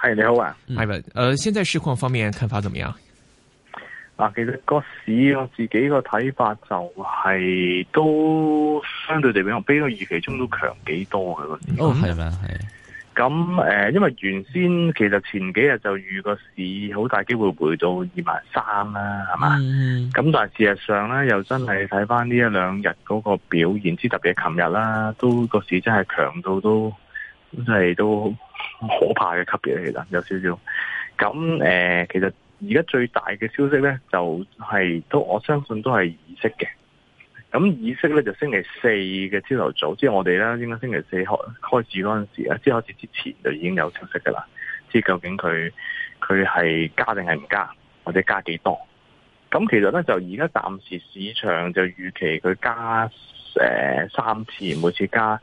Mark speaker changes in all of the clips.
Speaker 1: 係你好啊，Ivan，
Speaker 2: 誒、嗯呃，現在市況方面看法怎麼樣？
Speaker 1: 啊，其實個市我自己個睇法就係都相對地比我比個預期中都強幾多嘅個市。哦，係咪啊？係。咁、嗯、誒，因為原先其實前幾日就預個市好大機會回到二萬三啦，係、嗯、嘛？咁但係事實上咧，又真係睇翻呢一兩日嗰個表現，之特別係琴日啦，都個市真係強到都真係都。就是都可怕嘅級別其實有少少，咁誒、呃，其實而家最大嘅消息咧，就係、是、都我相信都係議息嘅。咁議息咧就星期四嘅朝頭早，即、就、係、是、我哋咧應該星期四開開始嗰陣時啊，即係開始之前就已經有消息噶啦，知究竟佢佢係加定係唔加，或者加幾多？咁其實咧就而家暫時市場就預期佢加誒、呃、三次，每次加。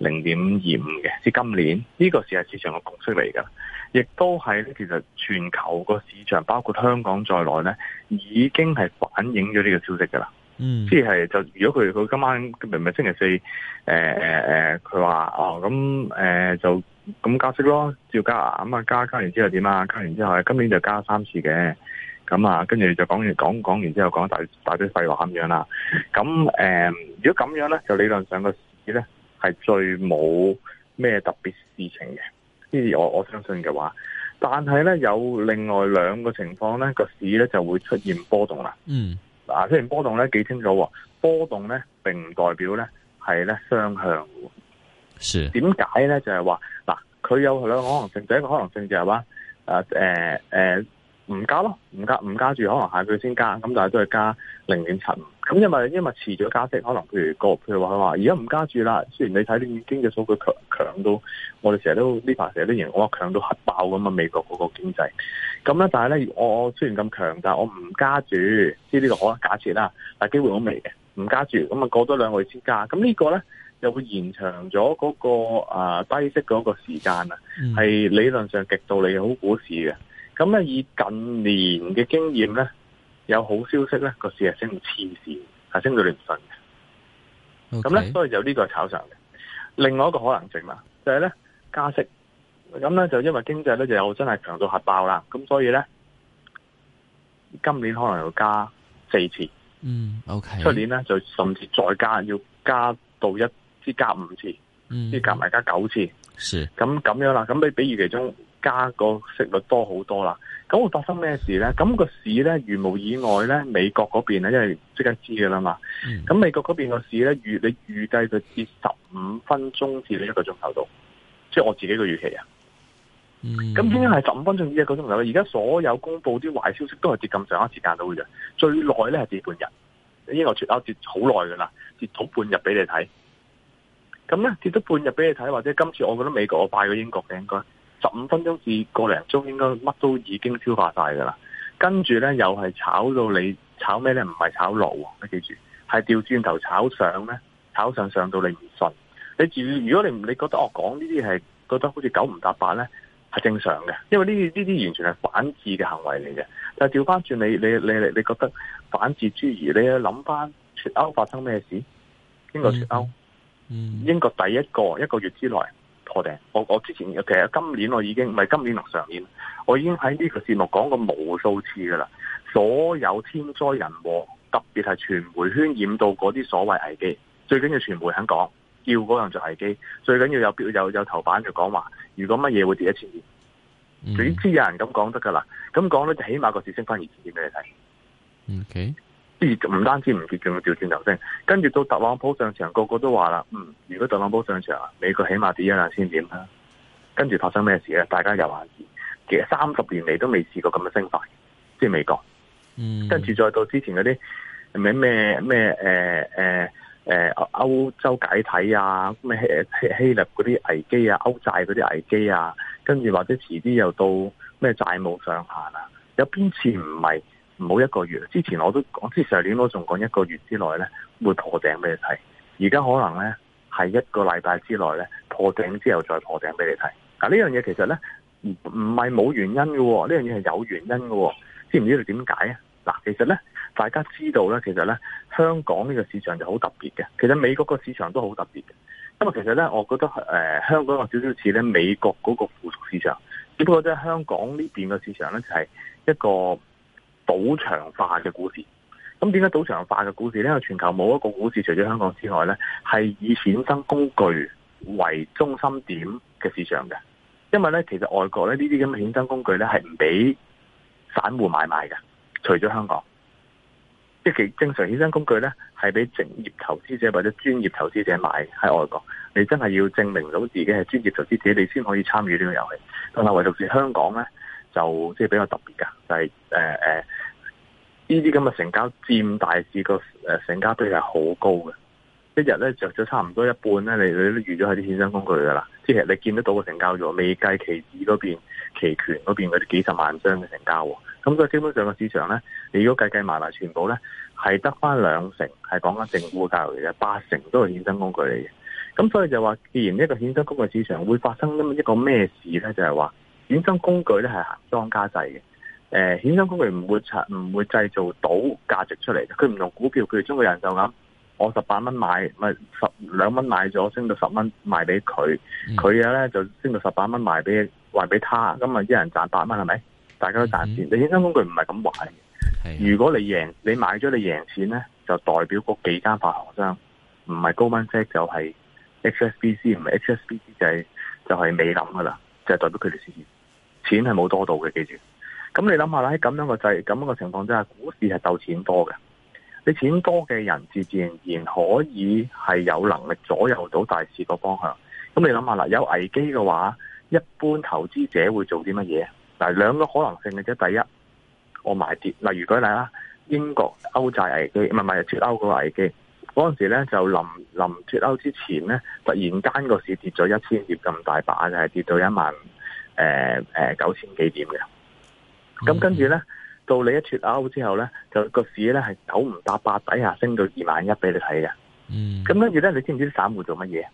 Speaker 1: 零點二五嘅，至今年呢、這個係市，市場嘅共識嚟㗎，亦都係其實全球個市場包括香港在內咧，已經係反映咗呢個消息㗎啦。嗯，即係就如果佢佢今晚明明星期四，誒誒佢話哦咁誒、呃、就咁加息咯，照加啊咁啊加加完之後點啊？加完之後，今年就加三次嘅，咁啊，跟住就講完講講完之後講大大堆廢話咁樣啦。咁誒、啊呃，如果咁樣咧，就理論上個市咧。係最冇咩特別事情嘅，呢啲我我相信嘅話，但係咧有另外兩個情況咧個市咧就會出現波動啦。嗯，嗱雖然波動咧幾清楚，波動咧並唔代表咧係咧雙向喎。是。點解咧就係話嗱，佢有兩個可能性，第一個可能性就係、是、話，誒誒誒。呃呃唔加咯，唔加唔加住，可能下個月先加，咁但係都係加零點七五。咁因為因為遲咗加息，可能譬如個譬如話佢話而家唔加住啦。雖然你睇呢經濟數據強強到，我哋成日都呢排成日都贏，我強到核爆咁啊！美國嗰個經濟咁咧，但係咧我我雖然咁強，但係我唔加住，即呢、呢個好啦假設啦，但係機會好微嘅，唔加住咁啊，就過多兩個月先加。咁呢個咧又會延長咗嗰、嗰個、呃、低息嗰個時間啊，係理論上極度利好股市嘅。咁咧以近年嘅經驗咧，有好消息咧個市係升到黐線，係升到亂順嘅。咁、okay. 咧，所以就呢個係炒上嘅。另外一個可能性啦，就係咧加息。咁咧就因為經濟咧就有真係強到核爆啦。咁所以咧，今年可能要加四次。
Speaker 2: 嗯，O K。出、okay.
Speaker 1: 年咧就甚至再加，要加到一，即加五次，即、嗯、加埋加九次。咁咁樣啦，咁你比預期中。加個息率多好多啦，咁會發生咩事咧？咁、那個市咧，如無意外咧，美國嗰邊咧，因為即刻知嘅啦嘛。咁、嗯、美國嗰邊個市咧，預你預計佢跌十五分鐘至到一個鐘頭度，即係我自己嘅預期啊。咁應該係十五分鐘至一個鐘頭啦。而家所有公布啲壞消息都係跌咁上下時間到嘅，最耐咧係跌半日。英國脫歐跌好耐噶啦，跌到半日俾你睇。咁咧跌到半日俾你睇，或者今次我覺得美國我拜過英國嘅應該。十五分鐘至個零鐘應該乜都已經消化晒噶啦，跟住呢，又係炒到你炒咩呢？唔係炒落喎，你記住係掉轉頭炒上呢，炒上上到你唔信。你住如果你你覺得我講呢啲係覺得好似九唔搭八,八呢，係正常嘅，因為呢呢啲完全係反智嘅行為嚟嘅。但係調翻轉你你你你覺得反智之餘，你諗翻脱歐發生咩事？
Speaker 2: 英國脱
Speaker 1: 歐嗯，嗯，英國第一個一個月之內。我哋，我我之前其實今年我已經唔係今年同上年，我已經喺呢個節目講過無數次噶啦。所有天災人禍，特別係傳媒渲染到嗰啲所謂危機，最緊要傳媒肯講要嗰樣做危機，最緊要有標有有，有頭版就講話。如果乜嘢會跌一千點，總、mm. 之有人咁講得噶啦。咁講咧就起碼個市升翻，二千點俾你睇。嗯、
Speaker 2: okay.。
Speaker 1: 唔單止唔結，仲要調轉頭升，跟住到特朗普上場，個個都話啦，嗯，如果特朗普上場，美國起碼跌一兩千點啦。跟住發生咩事咧？大家又話，其實三十年嚟都未試過咁嘅升法。即係美國。嗯，跟住再到之前嗰啲咩咩咩誒誒誒歐洲解體啊，咩希希希臘嗰啲危機啊，歐債嗰啲危機啊，跟住或者遲啲又到咩債務上限啊，有邊次唔係？嗯唔好一個月，之前我都講，即係上年我仲講一個月之內咧會破頂俾你睇。而家可能咧係一個禮拜之內咧破頂之後再破頂俾你睇。嗱、啊、呢樣嘢其實咧唔唔係冇原因嘅，呢樣嘢係有原因嘅、哦哦。知唔知道點解啊？嗱，其實咧大家知道咧，其實咧香港呢個市場就好特別嘅。其實美國個市場都好特別嘅。因為其實咧，我覺得誒、呃、香港有少少似咧美國嗰個附屬市場，只不過即係香港呢邊嘅市場咧就係、是、一個。賭場化嘅股市，咁點解賭場化嘅股市？因為全球冇一個股市，除咗香港之外呢係以衍生工具為中心點嘅市場嘅。因為呢，其實外國呢啲咁嘅衍生工具呢，係唔俾散戶買賣嘅，除咗香港，即係其正常衍生工具呢，係俾職業投資者或者專業投資者買喺外國。你真係要證明到自己係專業投資者，你先可以參與呢個遊戲。同埋，唯獨係香港呢，就即係比較特別嘅，就係誒誒。呃呃呢啲咁嘅成交佔大市個誒成交比係好高嘅，一日咧著咗差唔多一半咧，你你都預咗係啲衍生工具㗎啦。即係你見得到嘅成交咗，未計期指嗰邊、期權嗰邊嗰啲幾十萬張嘅成交。咁個基本上個市場咧，你如果計計埋埋全部咧，係得翻兩成，係講緊政府交易嚟嘅，八成都係衍生工具嚟嘅。咁所以就話，既然一個衍生工具市場會發生咁一個咩事咧，就係、是、話衍生工具咧係行莊家制嘅。誒、呃，衍生工具唔會產唔會製造到價值出嚟，佢唔用股票，佢哋中國人就咁，我十八蚊買咪十兩蚊買咗，升到十蚊賣俾佢，佢嘅咧就升到十八蚊賣俾還俾他，咁啊一人賺八蚊係咪？大家都賺錢。你、mm-hmm. 衍生工具唔係咁玩，okay. 如果你贏，你買咗你贏錢咧，就代表嗰幾間發行商唔係高風險，就係、是、HSBC 唔係 HSBC 就係就係美林噶啦，就是就是、代表佢哋事業錢係冇多到嘅，記住。咁你諗下啦，喺咁樣個制、咁樣個情況之下，股市係鬥錢多嘅。你錢多嘅人自自然然可以係有能力左右到大市個方向。咁你諗下啦，有危機嘅話，一般投資者會做啲乜嘢？嗱，兩個可能性嘅啫。第一，我買跌。例如舉例啦，英國歐債危機，唔係唔係脫歐個危機。嗰陣時咧就臨臨脫歐之前咧，突然間個市跌咗一千跌咁大把，就係、是、跌到一萬誒誒九千幾點嘅。咁、嗯、跟住呢，到你一脫歐之後呢，就個市呢係九唔搭八底下升到二萬一俾你睇嘅。嗯，咁跟住呢，你知唔知啲散戶做乜嘢？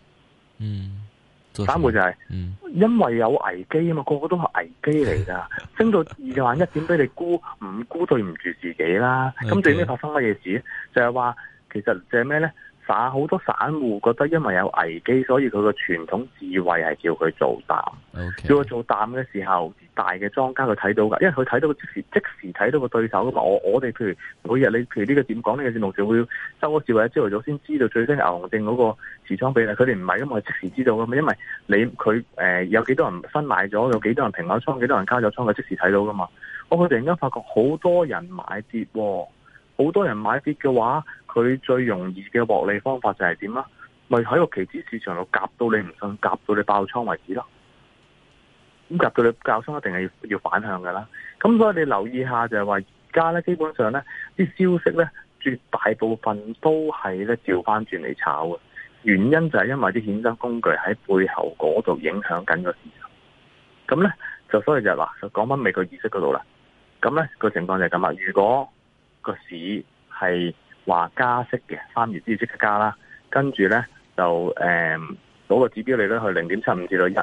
Speaker 1: 嗯，散戶就係、是嗯，因為有危機啊嘛，個個都係危機嚟噶， 升到二萬一點俾你估，唔估對唔住自己啦。咁最尾發生乜嘢事呢？就係、是、話，其實就係咩呢？但好多散戶覺得，因為有危機，所以佢個傳統智慧係叫佢做淡。叫、okay. 佢做淡嘅時候，大嘅莊家佢睇到㗎，因為佢睇到即時，即時睇到個對手。我我哋譬如每日你譬如呢、這個點講呢、這個市動、這個、就會收咗智慧，或者朝頭早先知道最新牛熊證嗰個持倉比例，佢哋唔係因為即時知道㗎嘛，因為你佢誒、呃、有幾多人分賣咗，有幾多人平咗倉，幾多人加咗倉，佢即時睇到㗎嘛。我佢突然間發覺好多人買跌。好多人買跌嘅話，佢最容易嘅獲利方法就係點啊？咪喺個期指市場度夾到你唔信，夾到你爆倉為止啦。咁夾到你爆倉一定係要反向嘅啦。咁所以你留意下就係話，而家咧基本上咧啲消息咧絕大部分都係咧調翻轉嚟炒嘅。原因就係因為啲衍生工具喺背後嗰度影響緊個市場。咁咧就所以說就話就講翻美國議息嗰度啦。咁咧個情況就係咁啊。如果個市係話加息嘅，三月之即刻加啦，跟住呢，就誒攞個指標利率去零點七五至到一，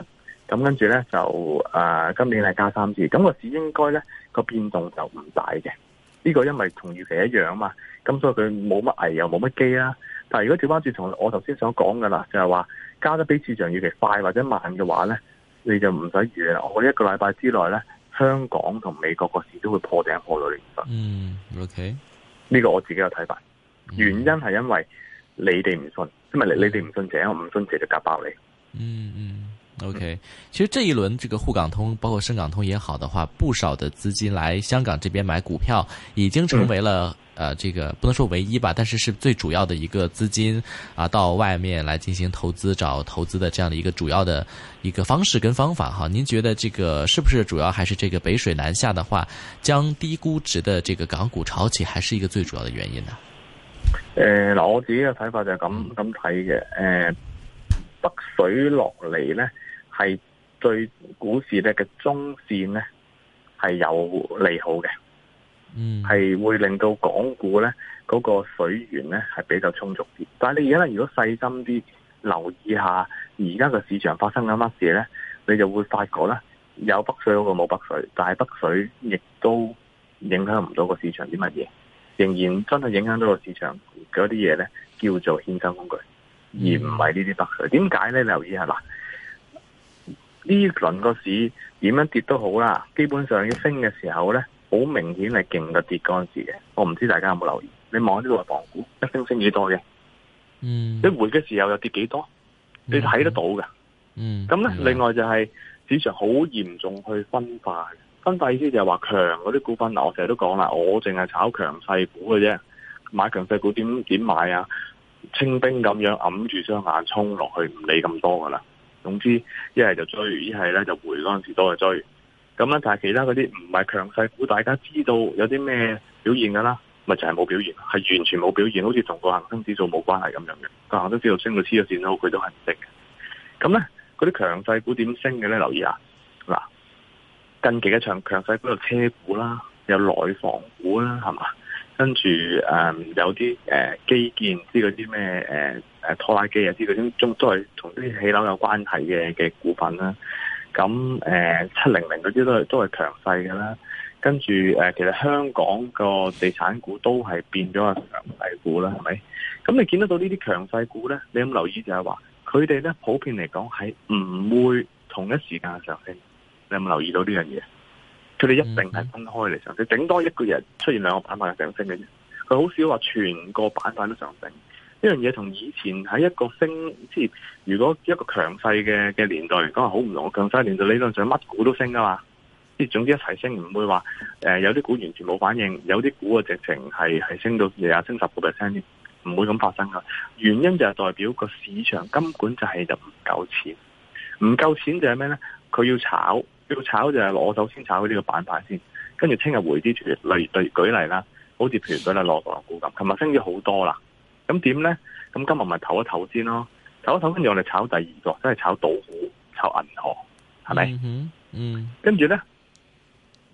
Speaker 1: 咁跟住呢，就啊、呃、今年係加三次，咁、個市應該呢個變動就唔大嘅。呢、個因為同預期一樣啊嘛，咁所以佢冇乜危又冇乜機啦。但係如果調翻轉，同我頭先所講噶啦，就係話加得比市場預期快或者慢嘅話呢，你就唔使預啦。我一個禮拜之內呢。香港同美國個市都會破頂破到你唔信。嗯，OK，呢個我自己有睇法。原因係因為你哋唔信、嗯、信，因為你你哋唔信邪，我唔信邪就夾爆你。嗯嗯。
Speaker 2: OK，其實這一輪這個滬港通包括深港通也好的話，不少的資金來香港這邊買股票，已經成為了呃這個不能說唯一吧，但是是最主要的一個資金啊，到外面來進行投資找投資的這樣的一個主要的一個方式跟方法哈。您覺得這個是不是主要還是這個北水南下的話，將低估值的這個港股炒起，還是一個最主要的
Speaker 1: 原因呢？呃，那我自己嘅睇法就係咁咁睇嘅，誒。呃北水落嚟呢，係對股市呢嘅中線呢係有利好嘅，係、嗯、會令到港股呢嗰個水源呢係比較充足啲。但係你而家如果細心啲留意下而家個市場發生緊乜事呢，你就會發覺呢有北水嗰個冇北水，但係北水亦都影響唔到個市場啲乜嘢，仍然真係影響到個市場嗰啲嘢呢，叫做衍生工具。而唔係呢啲得嘅，點解咧？留意下嗱，呢輪個市點樣跌都好啦，基本上一升嘅時候咧，好明顯係勁過跌嗰陣時嘅。我唔知大家有冇留意，你望呢度係房股，一升升幾多嘅，嗯，一回嘅時候又跌幾多，你睇得到嘅，嗯。咁、嗯、咧、嗯，另外就係市場好嚴重去分化，分化意思就係話強嗰啲股份嗱，我成日都講啦，我淨係炒強勢股嘅啫，買強勢股點點買啊？清兵，咁樣揞住雙眼衝落去，唔理咁多噶啦。總之，一係就追，一係咧就回嗰陣時都係追。咁咧，但係其他嗰啲唔係強勢股，大家知道有啲咩表現噶啦，咪就係、是、冇表現，係完全冇表現，好似同個恒生指數冇關係咁樣嘅。個行都知道升到黐咗線囉，佢都係唔升嘅。咁咧，嗰啲強勢股點升嘅咧？留意啊，嗱，近期一場強勢股有車股啦，有內房股啦，係嘛？跟住誒、嗯，有啲誒、呃、基建知嗰啲咩誒誒拖拉機啊，知嗰啲都係同啲起樓有關係嘅嘅股份啦。咁誒七零零嗰啲都係都係強勢嘅啦。跟住誒、呃，其實香港個地產股都係變咗個強勢股啦，係咪？咁你見得到強勢呢啲強勢股咧，你有冇留意就係話佢哋咧，普遍嚟講係唔會同一時間上升。你有冇留意到呢樣嘢？佢哋一定係分開嚟上升，佢頂多一個月出現兩個板塊嘅上升嘅啫。佢好少話全個板塊都上升，呢樣嘢同以前喺一個升，即係如果一個強勢嘅嘅年代嚟講係好唔同。強勢年代理論上乜股都升噶嘛，即係總之一齊升，唔會話誒、呃、有啲股完全冇反應，有啲股嘅直情係係升到廿升十個 percent 唔會咁發生噶。原因就係代表個市場根本就係就唔夠錢，唔夠錢就係咩咧？佢要炒。要炒就係攞手先炒呢個板塊先，跟住聽日回啲團，例如例舉例啦，好似譬如舉例內房股咁，琴日升咗好多啦。咁點咧？咁今日咪唞一唞先咯，唞一唞，跟住我哋炒第二個，即係炒賭股，炒銀行，係咪？嗯，跟住咧，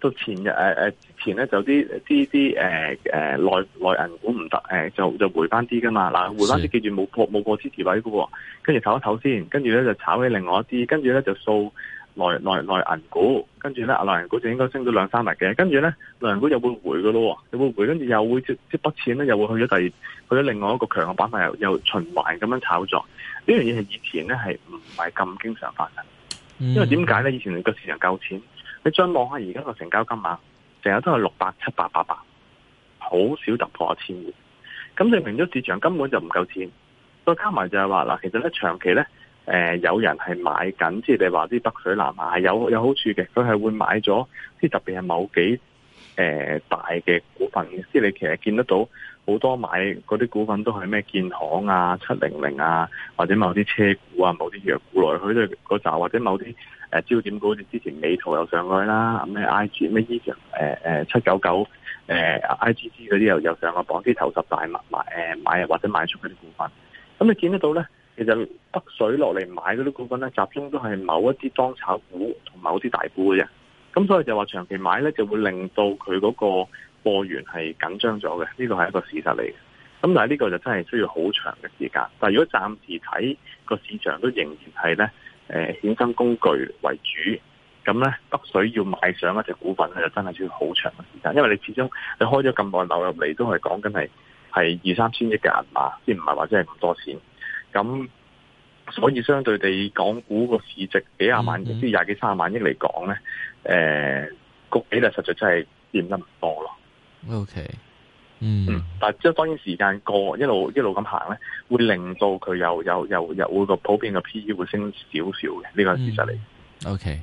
Speaker 1: 到前日誒誒，前咧就啲啲啲誒誒內內銀股唔得，誒就就回翻啲噶嘛。嗱，回翻啲記住冇過冇過支持位噶喎。跟住唞一唞先，跟住咧就炒起另外一啲，跟住咧就掃。內內內銀股，跟住咧內內銀股就應該升到兩三日嘅，跟住咧內銀股又會回嘅咯喎，又會回，跟住又會即係筆錢咧，又會去咗第二，去咗另外一個強嘅板塊，又又循環咁樣炒作，呢樣嘢係以前咧係唔係咁經常發生，因為點解咧？以前個市場夠錢，你將望下而家個成交金額，成日都係六百、七百、八百，好少突破一千嘅，咁證明咗市場根本就唔夠錢。再加埋就係話嗱，其實咧長期咧。誒、呃，有人係買緊，即係你話啲北水南下有有好處嘅，佢係會買咗啲特別係某幾誒、呃、大嘅股份嘅，即係你其實見得到好多買嗰啲股份都係咩建行啊、七零零啊，或者某啲車股啊、某啲藥股來去都係嗰扎，或者某啲誒焦點股，好似之前美圖又上去啦，咩 I G 咩 E 誒誒七九九誒 I G G 嗰啲又又上個榜，啲頭十大買買誒買或者買出嗰啲股份，咁你見得到咧？其實北水落嚟買嗰啲股份咧，集中都係某一啲莊炒股同某啲大股嘅啫。咁所以就話長期買咧，就會令到佢嗰個貨源係緊張咗嘅。呢個係一個事實嚟嘅。咁但係呢個就真係需要好長嘅時間。但係如果暫時睇個市場都仍然係咧，誒、呃，衍生工具為主。咁咧，北水要買上一隻股份咧，就真係需要好長嘅時間。因為你始終你開咗咁耐，流入嚟，都係講緊係係二三千億嘅銀碼，即唔係話真係咁多錢。咁，所以相對地，港股個市值幾廿萬，即係廿幾卅萬億嚟講咧，誒，個比例實在真係變得唔多咯。O K，嗯，但係即係當然時間過一路一路咁行咧，會令到佢又又又又會個普遍嘅 P E 會升少少嘅，呢個係事實嚟。O K。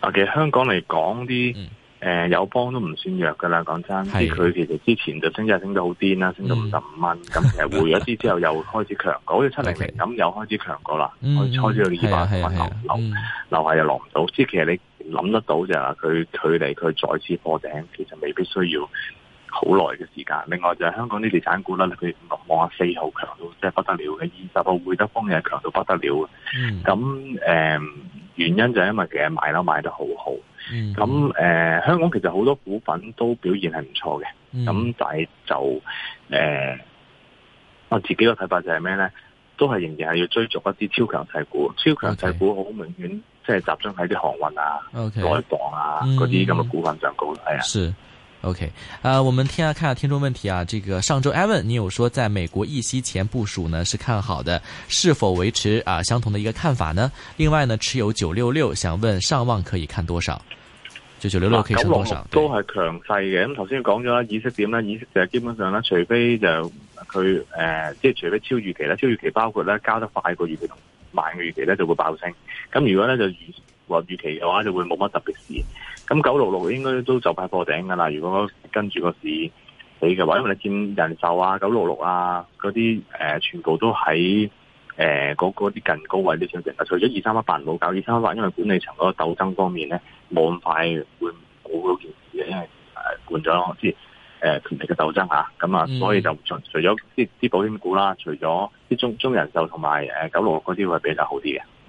Speaker 1: 啊，其實香港嚟講啲誒友邦都唔算弱噶啦，講真，即係佢其實之前就升價升到好癲啦，升到五十五蚊，咁、嗯、其實回咗啲之後又開始強過，好似七零零咁又開始強過啦，嗯、我開開到二百蚊樓樓樓下又落唔到，即係、啊啊啊嗯、其實你諗得到就係佢距離佢再次破頂，其實未必需要。好耐嘅時間，另外就係香港啲地產股啦，佢五號強度、四號強到真係不得了嘅，二十號匯德豐又係強到不得了嘅。咁、嗯、誒、呃，原因就係因為其實買樓，買得好好。咁、嗯、誒、呃，香港其實好多股份都表現係唔錯嘅。咁、嗯、但係就誒、呃，我自己個睇法就係咩咧？都係仍然係要追逐一啲超強勢股，超強勢股好明顯即係集中喺啲航運啊、改、okay, 房啊嗰啲咁嘅股份上高啦，係啊。
Speaker 2: OK，啊，我們聽下、啊，看下聽眾問題啊。這個上周，Ivan，你有說在美國議息前部署呢，是看好的，是否維持啊相同的一個看法呢？另外呢，持有九六六，想問上望可以看多少？九九六六可以升多少？
Speaker 1: 都、啊、係強勢嘅。咁頭先講咗啦，議息點咧，議就係基本上啦，除非就佢誒、呃，即係除非超預期啦，超預期包括咧交得快個預期同慢個預期咧就會爆升。咁如果咧就預或預期嘅話，就會冇乜特別事。咁九六六應該都就快過頂噶啦，如果跟住個市起嘅話，因為你見人壽啊、九六六啊嗰啲、呃、全部都喺嗰啲近高位啲水平。除咗二三一八冇搞，二三一八因為管理層嗰個鬥爭方面咧冇咁快會冇嗰件事嘅，因為誒換咗即係誒權力嘅鬥爭嚇。咁啊，所以就除除咗啲啲保險股啦，除咗啲中中人壽同埋誒九六六嗰啲會比較好啲嘅。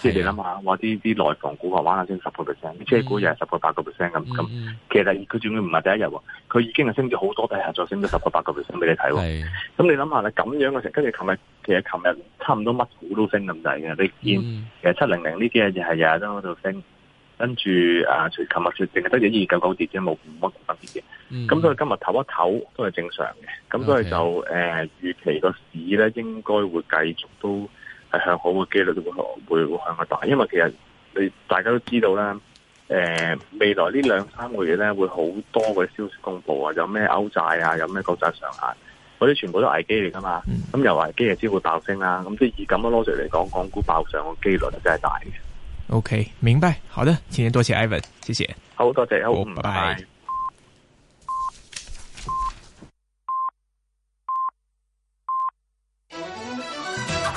Speaker 1: 即係、 就是、你諗下，話啲啲內房股啊，玩下升十個 percent，啲車股又係十個八個 percent 咁咁。其實佢仲要唔係第一日喎，佢已經係升咗好多，底下再升咗十個八個 percent 俾你睇喎。咁你諗下啦，咁樣嘅成，跟住琴日其實琴日差唔多乜股都升咁滯嘅。你見、嗯、其實七零零呢啲嘢就係日日都喺度升，跟住啊，琴日除淨係得咗一二九九跌啫，冇冇乜特別嘅。咁、嗯、所以今日唞一唞都係正常嘅。咁所以就誒，預期個市咧應該會繼續都。係向好嘅幾率都會會會向佢大，因為其實你大家都知道啦，誒、呃、未來呢兩三個月咧會好多嘅消息公布什麼勾啊，有咩歐債啊，有咩國債上限，嗰啲全部都是危機嚟噶嘛，咁、嗯、又危機就只會爆升啦、啊，咁即係以咁嘅邏輯嚟講，港股爆上嘅幾率就真係大嘅。
Speaker 2: OK，明白，好的，今天多謝 Ivan，謝謝，
Speaker 1: 好多謝，好，拜拜。